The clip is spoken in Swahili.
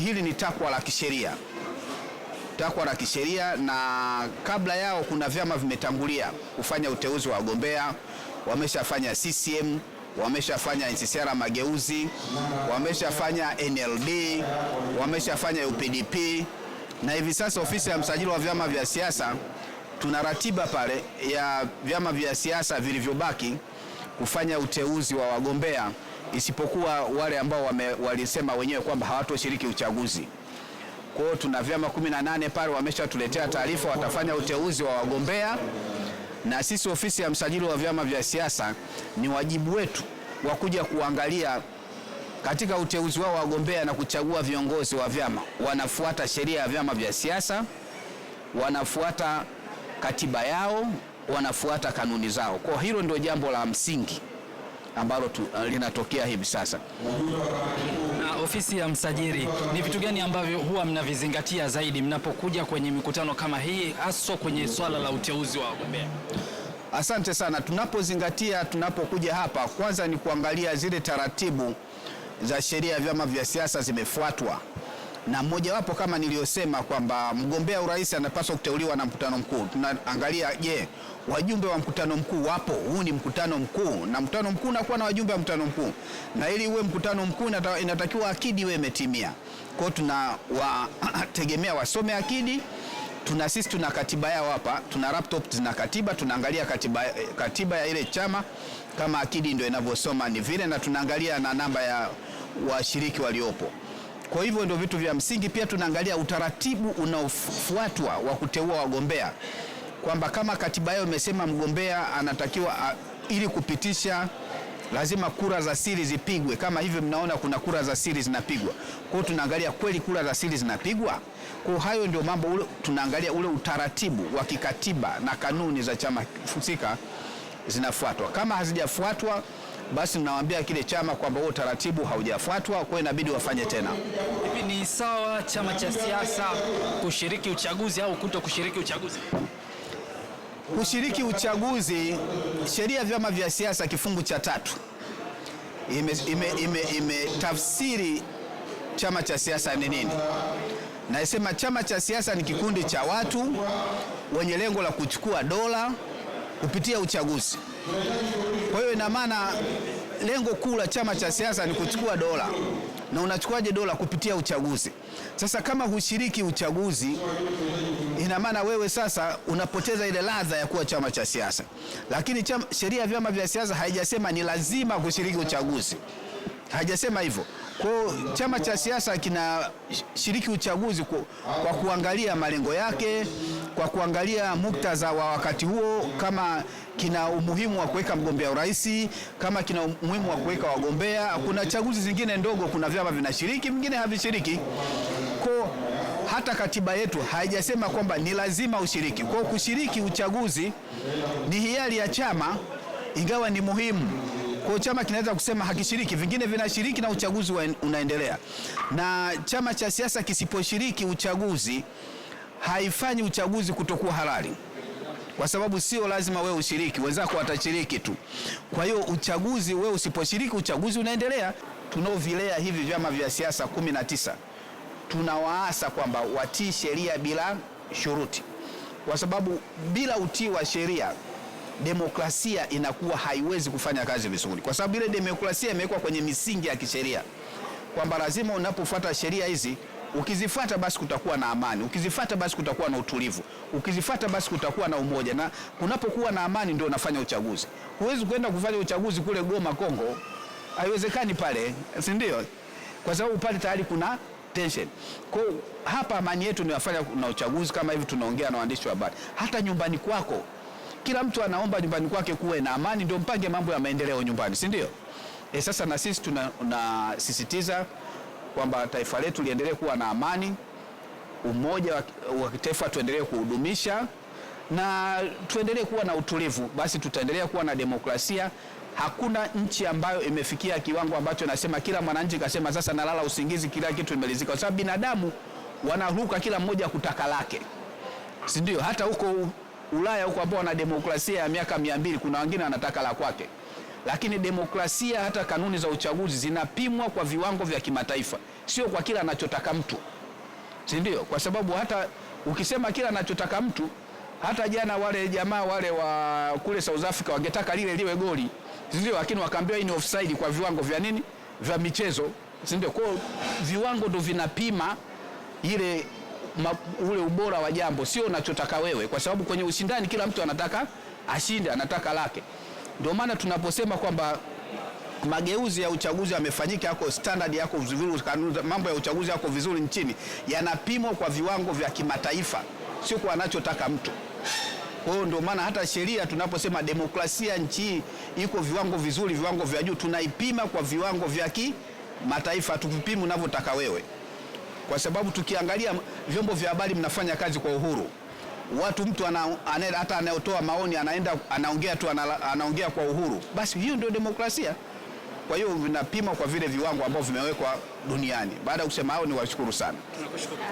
hili ni takwa la kisheria, takwa la kisheria, na kabla yao kuna vyama vimetangulia kufanya uteuzi wa wagombea, wameshafanya CCM wameshafanya NCCR Mageuzi, wameshafanya NLD, wameshafanya UPDP, na hivi sasa ofisi ya msajili wa vyama vya siasa tuna ratiba pale ya vyama vya siasa vilivyobaki kufanya uteuzi wa wagombea isipokuwa wale ambao wame, walisema wenyewe kwamba hawatoshiriki uchaguzi. Kwa hiyo tuna vyama 18 pale wameshatuletea taarifa, watafanya uteuzi wa wagombea, na sisi ofisi ya msajili wa vyama vya siasa ni wajibu wetu wa kuja kuangalia katika uteuzi wao wagombea na kuchagua viongozi wa vyama wanafuata sheria ya vyama vya siasa, wanafuata katiba yao, wanafuata kanuni zao. Kwa hilo ndio jambo la msingi ambalo tu, eh, linatokea hivi sasa. Na ofisi ya msajili, ni vitu gani ambavyo huwa mnavizingatia zaidi mnapokuja kwenye mikutano kama hii, haswa kwenye swala la uteuzi wa wagombea? Asante sana. Tunapozingatia, tunapokuja hapa, kwanza ni kuangalia zile taratibu za sheria ya vyama vya siasa zimefuatwa na mmojawapo kama niliyosema kwamba mgombea urais anapaswa kuteuliwa na mkutano mkuu. Tunaangalia je, wajumbe wa mkutano mkuu wapo? Huu ni mkutano mkuu, na mkutano mkuu unakuwa na wajumbe wa mkutano mkuu, na ili uwe mkutano mkuu inatakiwa akidi iwe imetimia. Kwa hiyo tunawategemea wasome akidi tuna sisi tuna katiba yao hapa, tuna laptop zina katiba, tunaangalia katiba, katiba ya ile chama kama akidi ndio inavyosoma ni vile, na tunaangalia na namba ya washiriki waliopo. Kwa hivyo ndio vitu vya msingi. Pia tunaangalia utaratibu unaofuatwa wa kuteua wagombea, kwamba kama katiba yao imesema mgombea anatakiwa a, ili kupitisha lazima kura za siri zipigwe. Kama hivyo mnaona kuna kura za siri zinapigwa, kwa hiyo tunaangalia kweli kura za siri zinapigwa. Kwa hayo ndio mambo ule, tunaangalia ule utaratibu wa kikatiba na kanuni za chama husika zinafuatwa. Kama hazijafuatwa basi tunawaambia kile chama kwamba huo taratibu haujafuatwa, kwa hiyo inabidi wafanye tena. Hivi ni sawa chama cha siasa kushiriki uchaguzi au kuto kushiriki uchaguzi? Kushiriki uchaguzi, sheria ya vyama vya siasa kifungu cha tatu imetafsiri ime, ime, ime chama cha siasa ni nini. Naisema chama cha siasa ni kikundi cha watu wenye lengo la kuchukua dola kupitia uchaguzi. Kwa hiyo ina maana lengo kuu la chama cha siasa ni kuchukua dola, na unachukuaje dola? Kupitia uchaguzi. Sasa kama hushiriki uchaguzi, ina maana wewe sasa unapoteza ile ladha ya kuwa chama cha siasa. Lakini sheria ya vyama vya siasa haijasema ni lazima kushiriki uchaguzi, haijasema hivyo. Kwa hiyo chama cha siasa kinashiriki uchaguzi kwa kuangalia malengo yake kwa kuangalia muktadha wa wakati huo, kama kina umuhimu wa kuweka mgombea urais, kama kina umuhimu wa kuweka wagombea. Kuna chaguzi zingine ndogo, kuna vyama vinashiriki, vingine havishiriki. Kwa hata katiba yetu haijasema kwamba ni lazima ushiriki. Kwa kushiriki uchaguzi ni hiari ya chama, ingawa ni muhimu kwa chama kinaweza kusema hakishiriki, vingine vinashiriki na uchaguzi unaendelea. Na chama cha siasa kisiposhiriki uchaguzi haifanyi uchaguzi kutokuwa halali, kwa sababu sio lazima wewe ushiriki, wenzako watashiriki tu. Kwa hiyo uchaguzi, wewe usiposhiriki, uchaguzi unaendelea. Tunaovilea hivi vyama vya siasa kumi na tisa tunawaasa kwamba watii sheria bila shuruti, kwa sababu bila utii wa sheria demokrasia inakuwa haiwezi kufanya kazi vizuri, kwa sababu ile demokrasia imewekwa kwenye misingi ya kisheria kwamba lazima unapofuata sheria hizi ukizifata basi kutakuwa na amani, ukizifata basi kutakuwa na utulivu, ukizifata basi kutakuwa na umoja, na kunapokuwa na amani ndio unafanya uchaguzi. Huwezi kwenda kufanya uchaguzi kule Goma, Kongo, haiwezekani pale, si ndio? Kwa sababu pale tayari kuna tension. Kwa hapa amani yetu ni wafanya na uchaguzi kama hivi tunaongea na waandishi wa habari. Hata nyumbani kwako kila mtu anaomba nyumbani kwake kuwe na amani, ndio mpange mambo ya maendeleo nyumbani, si ndio? E, sasa na sisi tunasisitiza tuna, kwamba taifa letu liendelee kuwa na amani, umoja wa kitaifa tuendelee kuhudumisha na tuendelee kuwa na utulivu, basi tutaendelea kuwa na demokrasia. Hakuna nchi ambayo imefikia kiwango ambacho nasema kila mwananchi kasema sasa nalala usingizi, kila kitu imelizika, kwa sababu binadamu wanaruka kila mmoja kutaka lake, si ndio? Hata huko Ulaya huko ambao wana demokrasia ya miaka mia mbili kuna wengine wanataka la kwake. Lakini demokrasia, hata kanuni za uchaguzi zinapimwa kwa viwango vya kimataifa, sio kwa kila anachotaka mtu, si ndio? Kwa sababu hata ukisema kila anachotaka mtu, hata jana wale jamaa wale wa kule South Africa wangetaka lile liwe goli, si ndio? Lakini wakaambiwa hii ni offside kwa viwango vya nini, vya michezo, si ndio? Kwa viwango ndo vinapima ile Ma, ule ubora wa jambo sio unachotaka wewe, kwa sababu kwenye ushindani kila mtu anataka ashinde, anataka lake. Ndio maana tunaposema kwamba mageuzi ya uchaguzi yamefanyika, yako standard, yako vizuri, mambo ya uchaguzi yako vizuri nchini, yanapimwa kwa viwango vya kimataifa, sio kwa anachotaka mtu. Kwa hiyo ndio maana hata sheria tunaposema demokrasia nchi hii iko viwango vizuri, viwango vya juu, tunaipima kwa viwango vya kimataifa, tuvipima unavyotaka wewe, kwa sababu tukiangalia vyombo vya habari mnafanya kazi kwa uhuru watu mtu ana, ane, hata anayotoa maoni anaenda anaongea tu ana, anaongea kwa uhuru, basi hiyo ndio demokrasia. Kwa hiyo vinapimwa kwa vile viwango ambavyo vimewekwa duniani. Baada ya kusema hao, ni washukuru sana. Tunakushukuru.